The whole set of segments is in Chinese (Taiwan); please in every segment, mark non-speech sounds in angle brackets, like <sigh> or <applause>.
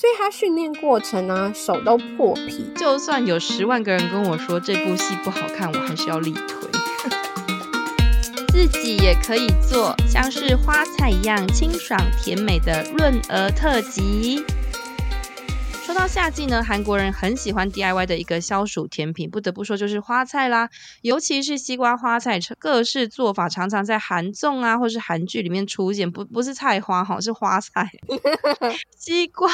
所以他訓練過程呢，手都破皮。就算有十萬個人跟我說這部戲不好看，我還是要力推。 <laughs> 自己也可以做，像是花菜一樣清爽甜美的潤娥特輯。說到夏季呢，韓國人很喜歡 DIY 的一個消暑甜品，不得不說就是花菜啦，尤其是西瓜花菜，各式做法常常在韓綜啊或是韓劇裡面出現。不，不是菜花哈，是花菜。 <laughs> 西瓜，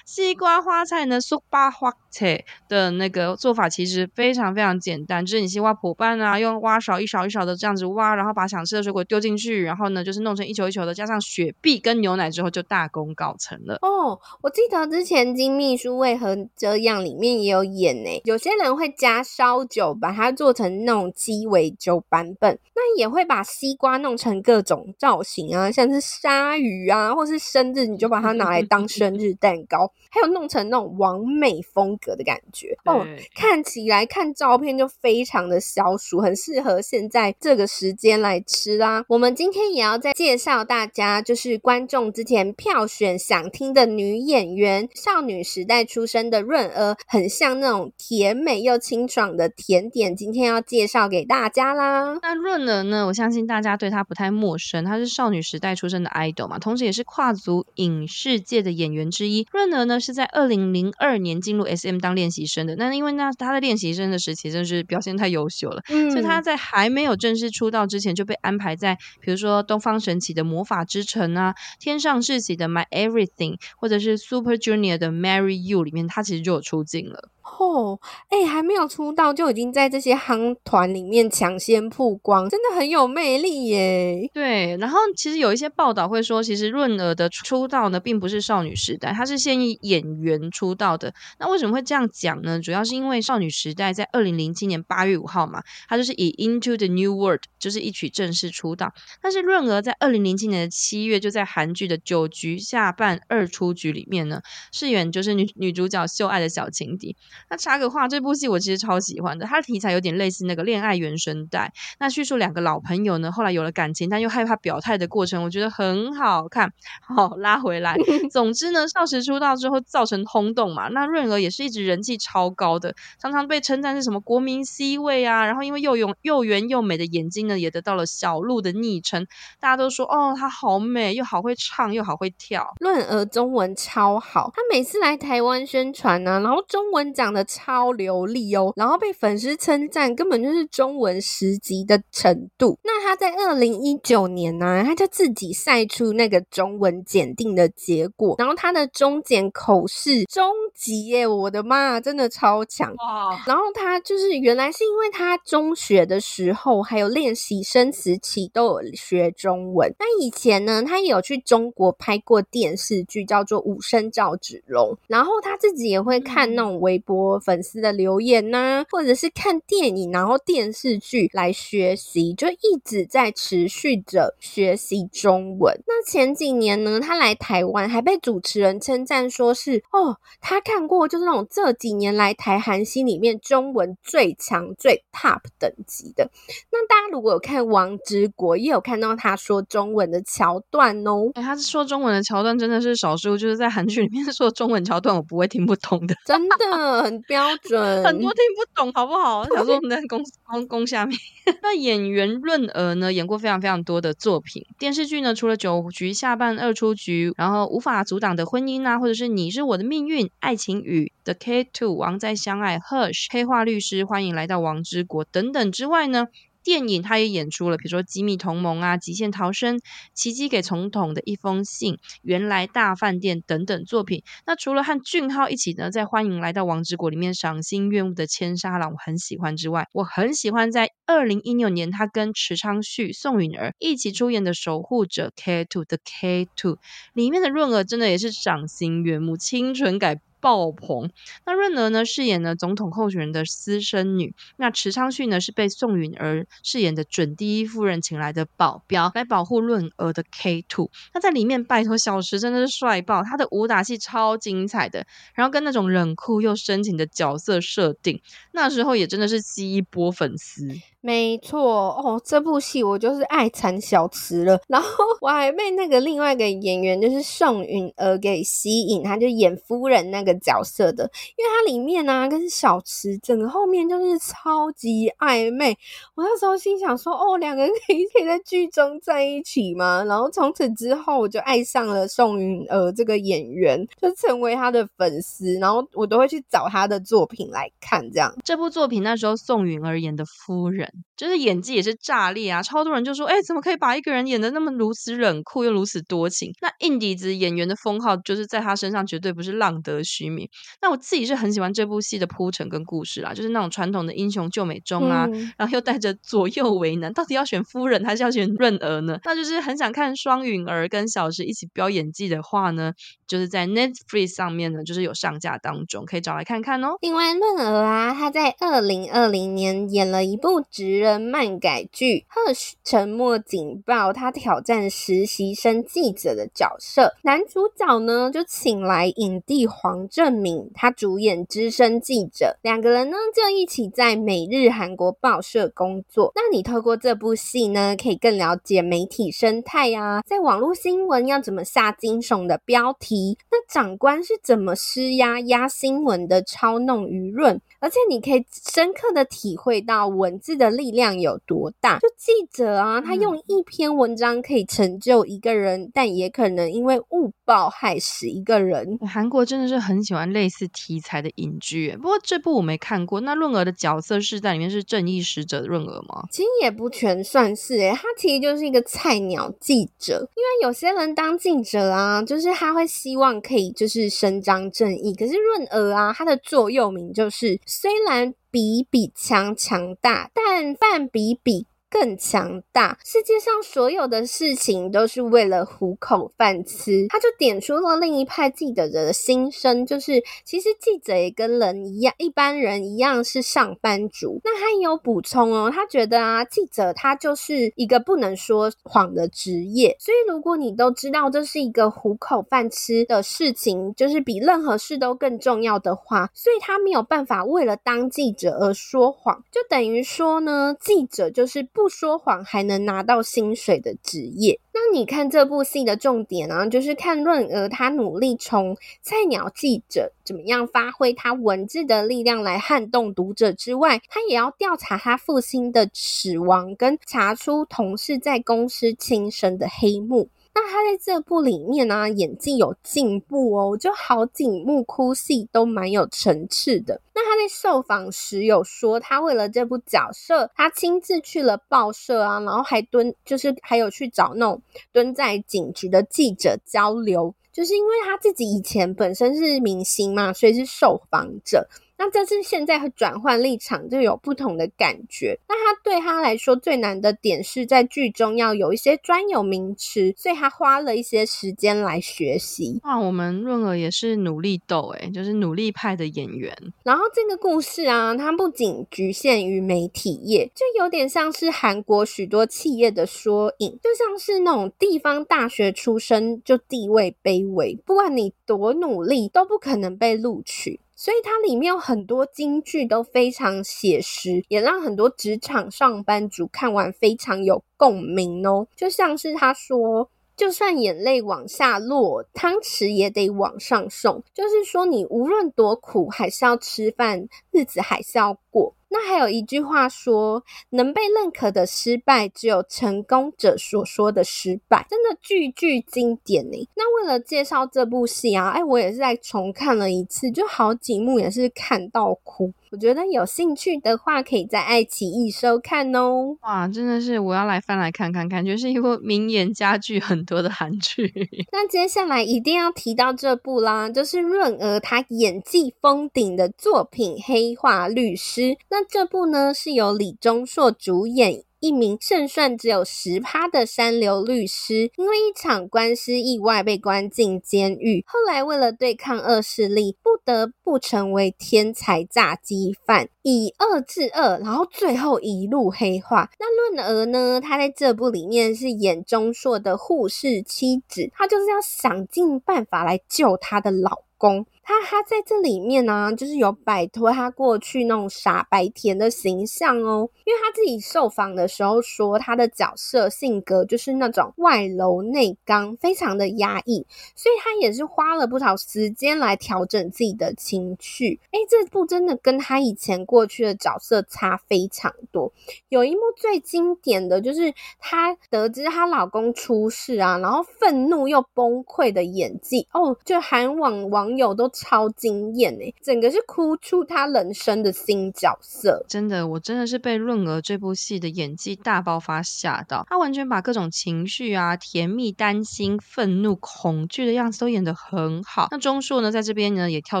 西瓜花菜呢，說巴花菜的那個做法其實非常非常簡單，就是你西瓜剖半啊，用挖勺一勺一勺一勺的這樣子挖，然後把想吃的水果丟進去，然後呢就是弄成一球一球的，加上雪碧跟牛奶之後就大功告成了。哦，oh, 我記得之前金密。豬尾和這樣裡面也有鹽，誒、欸，有些人會加燒酒，把它做成那種雞尾酒版本。也會把西瓜弄成各種造型啊，像是鯊魚啊，或是生日，你就把它拿來當生日蛋糕， <laughs> 還有弄成那種完美風格的感覺對哦。看起來，看照片就非常的消暑，很適合現在這個時間來吃啦。我們今天也要再介紹大家，就是觀眾之前票選想聽的女演員，少女時代出生的潤娥，很像那種甜美又清爽的甜點，今天要介紹給大家啦。那潤娥。那我相信大家對她不太陌生，她是少女時代出身的 idol 嘛，同時也是跨足影視界的演員之一。潤娥呢是在二零零二年進入 SM 當練習生的，那因為那她的練習生的時期真的是表現太優秀了，嗯、所以她在還沒有正式出道之前就被安排在比如說東方神起的魔法之城啊、天上智喜的 My Everything，或者是 Super Junior 的 Marry You 裡面，她其實就有出鏡了。哦，哎、欸，還沒有出道就已經在這些夯團裡面搶先曝光，真的很有魅力耶。對，然後其實有一些報道會說，其實潤娥的出道呢，並不是少女時代，她是先以演員出道的。那為什麼會這樣講呢？主要是因為少女時代在二零零七年八月五號嘛，她就是以 Into the New World 就是一曲正式出道。但是潤娥在二零零七年的七月，就在韓劇的《九局下半二出局》裡面呢，飾演就是女女主角秀愛的小情敵。那插個話，這部戲我其實超喜歡的，它的題材有點類似那個戀愛原聲帶。那敘述兩個老朋友呢，後來有了感情，但又害怕表態的過程，我覺得很好看。好，拉回來， <laughs> 總之呢，少時出道之後造成轟動嘛。那潤娥也是一直人氣超高的，常常被稱讚是什麼國民 C 位啊。然後因為又有又圓又美的眼睛呢，也得到了小鹿的昵稱。大家都說哦，她好美，又好會唱，又好會跳。潤娥中文超好，她每次來台灣宣傳呢、啊，然後中文講。講的超流利哦，然後被粉絲稱讚，根本就是中文十級的程度。那他在二零一九年呢、啊，他就自己曬出那個中文檢定的結果，然後他的中檢口試中級耶，我的媽、啊，真的超強哦。哇然後他就是原來是因為他中學的時候還有練習生時期都有學中文，那以前呢，他也有去中國拍過電視劇，叫做《武生趙子龍》，然後他自己也會看那種微博、嗯。多粉絲的留言呢、啊，或者是看電影，然後電視劇來學習，就一直在持續着學習中文。那前幾年呢，他來台灣還被主持人稱讚，說是哦，他看過就是那種這幾年來台韓星裡面中文最強最 top 等級的。那大家如果有看《王之國》，也有看到他說中文的橋段哦。哎，他是說中文的橋段真的是少數，就是在韓劇裡面說中文橋段，我不會聽不懂的，真的。 <laughs> 很標準， <laughs> 很多聽不懂，好不好？小 <laughs> 說我們在公公 <laughs> 公下面。 <laughs> 那演員潤娥呢，演過非常非常多的作品，電視劇呢，除了《九局下半二出局》，然後《無法阻擋的婚姻》啊，或者是《你是我的命運》、《愛情雨》、《The K2》、《王在相愛》、《Hush》、《黑化律師》、《歡迎來到王之國》等等之外呢，電影他也演出了，比如說《機密同盟》啊，《極限逃生》《奇蹟給總統的一封信》《原來大飯店》等等作品。那除了和俊昊一起呢，在歡迎來到王之國裡面賞心悅目的千沙朗，我很喜歡之外，我很喜歡在二零一六年他跟池昌旭、宋允兒一起出演的《守護者 K Two》的《K Two》裡面的潤娥，真的也是賞心悅目，清純感。爆棚。那潤娥呢，飾演了總統候選人的私生女。那池昌旭呢，是被宋允兒飾演的準第一夫人請來的保鏢，來保護潤娥的 K two。那在裡面，拜託小池真的是帥爆，他的武打戲超精彩的，然後跟那種冷酷又深情的角色設定，那時候也真的是吸一波粉絲。沒錯哦，這部戲我就是愛慘小池了，然後我還被那個另外一個演員就是宋允兒給吸引，他就演夫人那個角色的，因為它裡面呢、啊、跟小池整個後面就是超級曖昧。我那時候心想說，哦，兩個人可以可以在劇中在一起嗎？然後從此之後，我就愛上了宋云兒這個演員，就成為他的粉絲。然後我都會去找他的作品來看。這樣這部作品那時候宋云兒演的夫人，就是演技也是炸裂啊！超多人就說，哎、欸，怎麼可以把一個人演得那麼如此冷酷又如此多情？那硬底子演員的封號，就是在他身上絕對不是浪得虛居民，那我自己是很喜歡這部戲的鋪陳跟故事啦，就是那種傳統的英雄救美中啊，嗯、然後又帶着左右為難，到底要選夫人還是要選潤娥呢？那就是很想看雙允兒跟小石一起飆演技的話呢，就是在 Netflix 上面呢，就是有上架當中，可以找來看看哦。另外，潤娥啊，他在二零二零年演了一部職人漫改劇《赫沉默警報》，他挑戰實習生記者的角色，男主角呢就請來影帝黃。證明他主演資深記者，兩個人呢就一起在每日韓國報社工作。那你透過這部戲呢，可以更了解媒體生態啊，在網絡新聞要怎麼下驚悚的標題，那長官是怎麼施壓壓新聞的操弄輿論，而且你可以深刻的體會到文字的力量有多大。就記者啊，他用一篇文章可以成就一個人，嗯、但也可能因為誤報害死一個人。韓國真的是很。很喜歡類似題材的影劇，不過這部我沒看過。那潤娥的角色是在裡面是正義使者的潤娥嗎？其實也不全算是，哎，他其實就是一個菜鳥記者。因為有些人當記者啊，就是他會希望可以就是伸張正義。可是潤娥啊，他的座右銘就是：雖然比比強強大，但半比比。更強大，世界上所有的事情都是為了糊口飯吃。他就點出了另一派記者的心聲，就是其實記者也跟人一樣，一般人一樣是上班族。那他也有補充哦，他覺得啊，記者他就是一個不能說謊的職業。所以如果你都知道這是一個糊口飯吃的事情，就是比任何事都更重要的話，所以他沒有辦法為了當記者而說謊。就等於說呢，記者就是不。不說謊還能拿到薪水的職業，那你看這部戲的重點呢、啊、就是看潤娥他努力從菜鳥記者怎麼樣發揮他文字的力量來撼動讀者之外，他也要調查他父親的死亡，跟查出同事在公司親身的黑幕。那他在這部裡面呢、啊，演技有進步哦，就好幾幕哭戲都蠻有層次的。那他在受訪時有說，他為了這部角色，他親自去了報社啊，然後還蹲，就是還有去找那種蹲在警局的記者交流，就是因為他自己以前本身是明星嘛，所以是受訪者。那這是現在和轉換立場就有不同的感覺。那他對他來說最難的點是在劇中要有一些專有名詞，所以他花了一些時間來學習。那、啊、我們潤娥也是努力豆，哎，就是努力派的演員。然後這個故事啊，它不僅侷限於媒體業，就有點像是韓國許多企業的縮影，就像是那種地方大學出身就地位卑微，不管你多努力都不可能被錄取。所以它裡面有很多金句都非常寫實，也讓很多職場上班族看完非常有共鳴哦。就像是他說：“就算眼淚往下落，湯匙也得往上送。”就是說，你無論多苦，還是要吃飯，日子還是要過。那還有一句話說，能被認可的失敗，只有成功者所說的失敗，真的句句經典呢、欸。那為了介紹這部戲啊，哎，我也是在重看了一次，就好幾幕也是看到哭。我覺得有興趣的話，可以在愛奇藝收看哦。哇，真的是我要來翻來看看，感覺是一部名言佳句很多的韓劇。 <laughs> 那接下來一定要提到這部啦，就是潤娥她演技封頂的作品《黑話律師》。那這部呢是由李鍾碩主演，一名勝算只有十趴的三流律師，因為一場官司意外被關進監獄，後來為了對抗惡勢力，不得不成為天才詐欺犯，以惡制惡，然後最後一路黑化。那潤娥呢，她在這部裡面是演鍾碩的護士妻子，她就是要想盡辦法來救她的老公。那他在這裡面呢、啊，就是有擺脫他過去那種傻白甜的形象哦，因為他自己受訪的時候說，他的角色性格就是那種外柔內剛，非常的壓抑，所以他也是花了不少時間來調整自己的情緒。哎、欸，這部真的跟他以前過去的角色差非常多。有一幕最經典的就是他得知她老公出事啊，然後憤怒又崩潰的演技哦，就韓網網友都超驚艷呢，整個是哭出他人生的新角色，真的，我真的是被潤娥這部戲的演技大爆發嚇到。他完全把各種情緒啊，甜蜜、擔心、憤怒、恐懼的樣子都演得很好。那鍾碩呢，在這邊呢也跳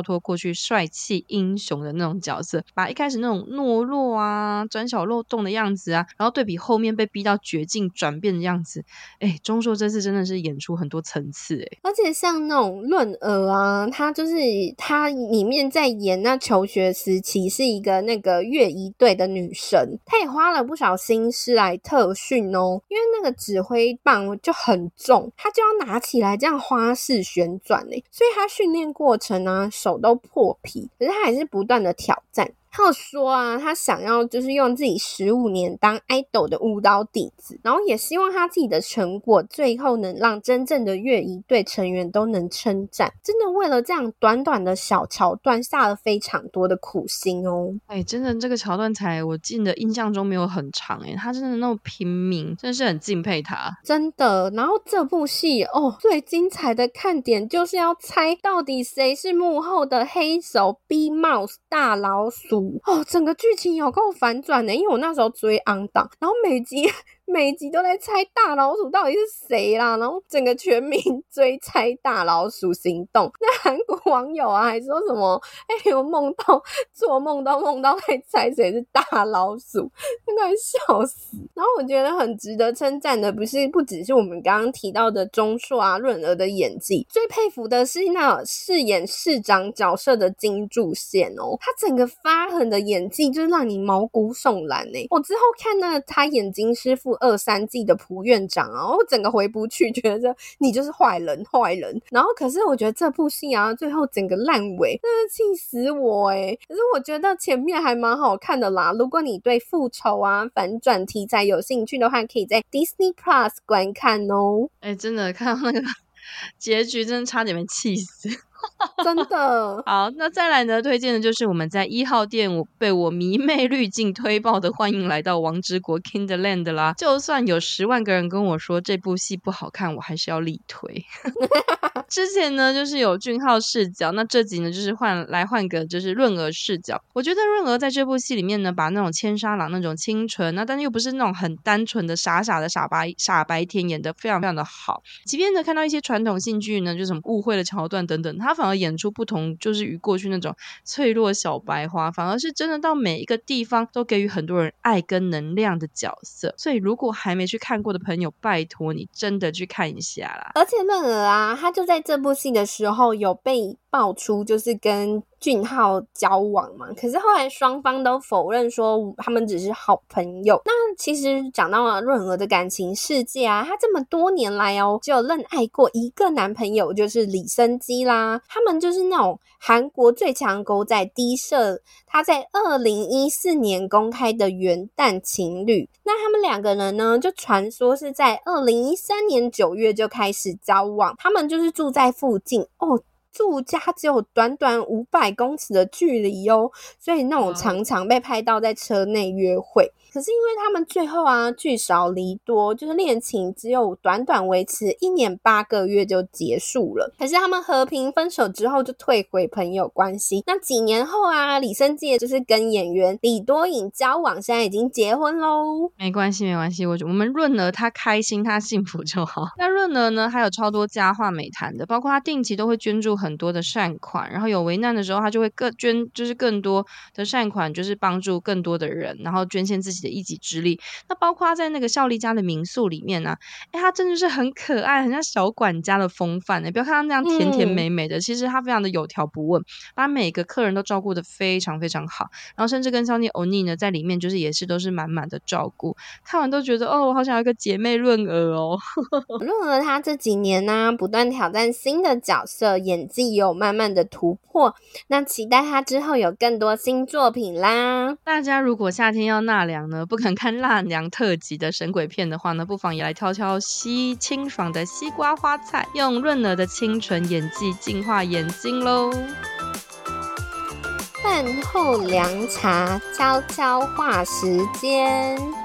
脫過去帥氣英雄的那種角色，把一開始那種懦弱啊、鑽小漏洞的樣子啊，然後對比後面被逼到絕境轉變的樣子，哎、欸，鍾碩這次真的是演出很多層次哎、欸。而且像那種潤娥啊，他就是。但是她裡面在演那求學時期，是一個那個樂儀隊的女神，她也花了不少心思來特訓哦。因為那個指揮棒就很重，她就要拿起來這樣花式旋轉。所以她訓練過程呢、啊，手都破皮，可是她還是不斷的挑戰。他有說啊，他想要就是用自己十五年當 idol 的舞蹈底子，然後也希望他自己的成果最後能讓真正的樂儀隊成員都能稱讚。真的為了這樣短短的小橋段下了非常多的苦心哦。哎，真的這個橋段才我記得印象中沒有很長哎，他真的那麼拼命，真的是很敬佩他。真的，然後這部戲哦，最精彩的看點就是要猜到底誰是幕後的黑手 Big Mouse 大老鼠。哦，整個劇情有夠反轉的，因為我那時候追安檔，然後每集。每集都在猜大老鼠到底是誰啦，然後整個全民追猜大老鼠行動。那韓國網友啊，還說什麼？哎、欸，我夢到做夢都夢到在猜誰是大老鼠，真的笑死。然後我覺得很值得稱讚的，不是不只是我們剛剛提到的鐘碩啊、潤娥的演技，最佩服的是那飾演市長角色的金柱憲哦、喔，他整個發狠的演技就讓你毛骨悚然呢。我之後看了他演金師傅，二三季的蒲院長，然後我整個回不去，覺得你就是壞人，壞人。然後可是我覺得這部戲啊，最後整個爛尾，真的氣死我誒、欸、可是我覺得前面還蠻好看的啦。如果你對復仇啊反轉題材有興趣的話，可以在 Disney Plus 觀看哦、喔。哎、欸，真的看到那個結局，真的差點沒氣死。 <laughs> 真的。好，那再來呢？推薦的就是我們在一號店我被我迷妹濾鏡推爆的，《歡迎來到王之國 King the Land》啦。就算有十萬個人跟我說這部戲不好看，我還是要力推。 <laughs> <laughs> 之前呢，就是有俊昊視角，那這集呢，就是換來換個，就是潤娥視角。我覺得潤娥在這部戲裡面呢，把那種千沙朗那種清純，那、啊、但是又不是那種很單純的傻傻的傻白傻白甜，演得非常非常的好。即便呢看到一些傳統戲劇呢，就什麼誤會的橋段等等，他反而演出不同，就是與過去那種脆弱小白花，反而是真的到每一個地方都給予很多人愛跟能量的角色。所以如果還沒去看過的朋友，拜託你真的去看一下啦。而且潤娥啊，她就在。這部戲的時候，有被爆出就是跟俊浩交往嘛，可是後來雙方都否認說他們只是好朋友。那其實講到了潤娥的感情世界啊，他這麼多年來哦、喔，就認愛過一個男朋友，就是李昇基啦。他們就是那種韓國最強狗仔 D 社，他在二零一四年公開的元旦情侶。那他們兩個人呢，就傳說是在二零一三年九月就開始交往，他們就是住在附近哦。住家只有短短五百公尺的距離哦，所以那種常常被拍到在車內約會。可是因為他們最後啊聚少離多，就是戀情只有短短維持一年八個月就結束了。可是他們和平分手之後就退回朋友關係。那幾年後啊，李昇基就是跟演員李多穎交往，現在已經結婚嘍。沒關係，沒關係，我覺得我們潤娥她開心她幸福就好。那潤娥呢，還有超多佳話美談的，包括她定期都會捐助。很多的善款，然後有危難的時候，他就會更捐，就是更多的善款，就是幫助更多的人，然後捐獻自己的一己之力。那包括在那個孝利家的民宿裡面呢、啊，哎，他真的是很可愛，很像小管家的風範呢、欸。不要看他那樣甜甜美美的，嗯、其實他非常的有條不紊，把每個客人都照顧的非常非常好。然後甚至跟孝利歐尼呢，在裡面就是也是都是滿滿的照顧。看完都覺得哦，我好想要一個姐妹潤娥哦。潤 <laughs> 娥他這幾年呢、啊，不斷挑戰新的角色演。自己也有慢慢的突破，那期待他之後有更多新作品啦！大家如果夏天要納涼呢，不肯看納涼特輯的神鬼片的話呢，不妨也來挑挑吸清爽的西瓜花菜，用潤娥的清純演技淨化眼睛嘍！飯後涼茶，悄悄話時間。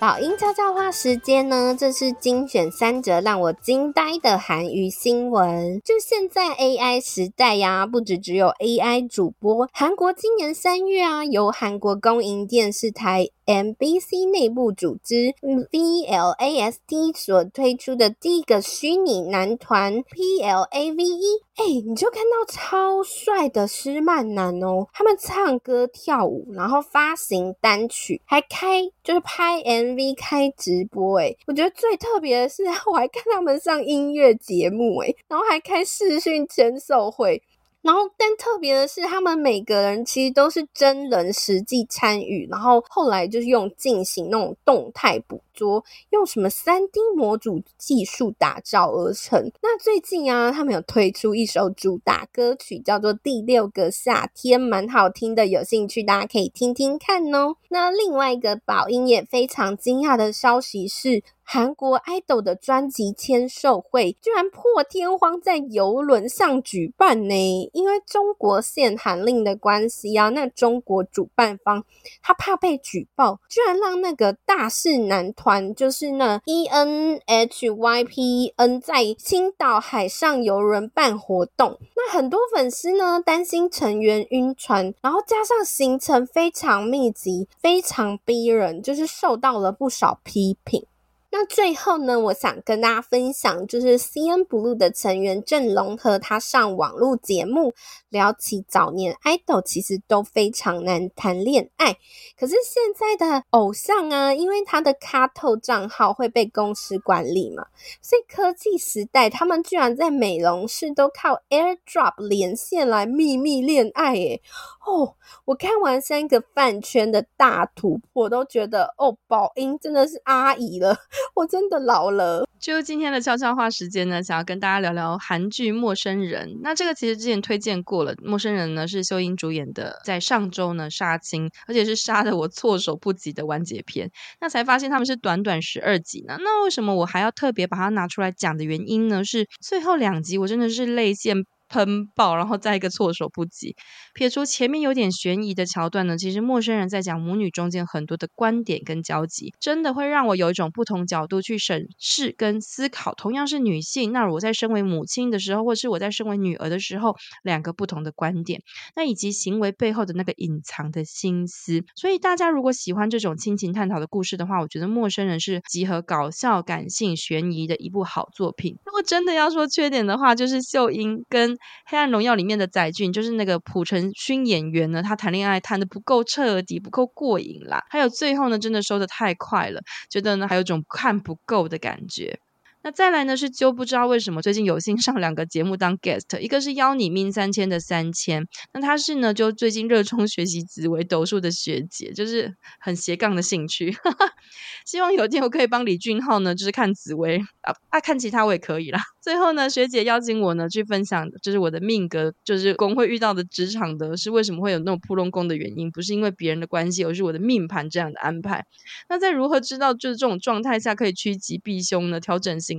飽英悄悄話時間呢，這是精選三則讓我驚呆的韓娛新聞。就現在 AI 時代呀，啊，不止只有 AI 主播。韓國今年三月啊，由韓國公營電視台。MBC 內部組織 VLAST 所推出的第一個虛擬男團 PLAVE，哎、欸，你就看到超帥的詩曼男哦，他們唱歌跳舞，然後發行單曲，還開就是拍 MV、開直播、欸，哎，我覺得最特別的是我還看他們上音樂節目、欸，哎，然後還開視訊簽售會。然後，但特別的是，他們每個人其實都是真人實際參與，然後後來就是用進行那種動態補。說用什麼三 D 模組技術打造而成？那最近啊，他們有推出一首主打歌曲，叫做《第六個夏天》，蠻好聽的。有興趣大家可以聽聽看哦。那另外一個寶音也非常驚訝的消息是，韓國愛豆的專輯簽售會居然破天荒在遊輪上舉辦呢。因為中國限韓令的關係啊，那中國主辦方他怕被舉報，居然讓那個大勢男同。就是呢，E N H Y P N 在青島海上遊輪辦活動，那很多粉絲呢擔心成員暈船，然後加上行程非常密集，非常逼人，就是受到了不少批評。那最後呢，我想跟大家分享，就是 CNBLUE 的成員鄭容和，他上網絡節目聊起早年 idol 其實都非常難談戀愛。可是現在的偶像啊，因為他的卡透賬號會被公司管理嘛，所以科技時代，他們居然在美容室都靠 AirDrop 連線來秘密戀愛耶、欸！哦，我看完三個飯圈的大圖，我都覺得哦，寶英真的是阿姨了。我真的老了。就今天的悄悄話時間呢，想要跟大家聊聊韓劇《陌生人》。那這個其實之前推薦過了，《陌生人》呢是秀英主演的，在上周呢殺青，而且是殺的我措手不及的完結篇。那才發現他們是短短十二集呢。那為什麼我還要特別把它拿出來講的原因呢？是最後兩集我真的是淚腺。噴爆，然後再一個措手不及。撇除前面有點懸疑的橋段呢，其實陌生人在講母女中間很多的觀點跟交集，真的會讓我有一種不同角度去審視跟思考。同樣是女性，那我在身為母親的時候，或是我在身為女兒的時候，兩個不同的觀點，那以及行為背後的那個隱藏的心思。所以大家如果喜歡這種親情探討的故事的話，我覺得陌生人是集合搞笑、感性、懸疑的一部好作品。如果真的要說缺點的話，就是秀英跟《黑暗榮耀》裡面的載俊就是那個朴成勳演員呢，他談戀愛談得不夠徹底，不夠過癮啦。還有最後呢，真的收的太快了，覺得呢還有種看不夠的感覺。那再來呢是就不知道為什麼最近有幸上兩個節目當 guest，一個是邀你命三千的三千，那她是呢就最近熱衷學習紫微斗數的學姐，就是很斜槓的興趣， <laughs> 希望有一天我可以幫李俊浩呢就是看紫微啊，啊看其他我也可以啦。最後呢學姐邀請我呢去分享就是我的命格，就是工會遇到的職場的是為什麼會有那種撲隆宮的原因，不是因為別人的關係，而是我的命盤這樣的安排。那在如何知道就是這種狀態下可以趨吉避凶呢？調整型。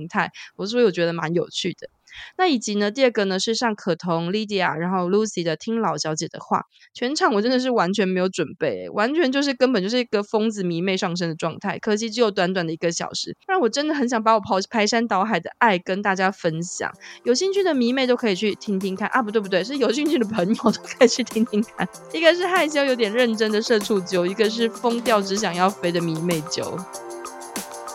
形態，所以我，我覺得蠻有趣的。那以及呢，第二個呢是上可同 Lydia 然後 Lucy 的聽老小姐的話，全場我真的是完全沒有準備，完全就是根本就是一個瘋子迷妹上身的狀態。可惜只有短短的一個小時，不然我真的很想把我拋排山倒海的愛跟大家分享。有興趣的迷妹都可以去聽聽看啊！不對不對，是有興趣的朋友都可以去聽聽看。一個是害羞有點認真的社畜啾，一個是瘋掉只想要飛的迷妹啾。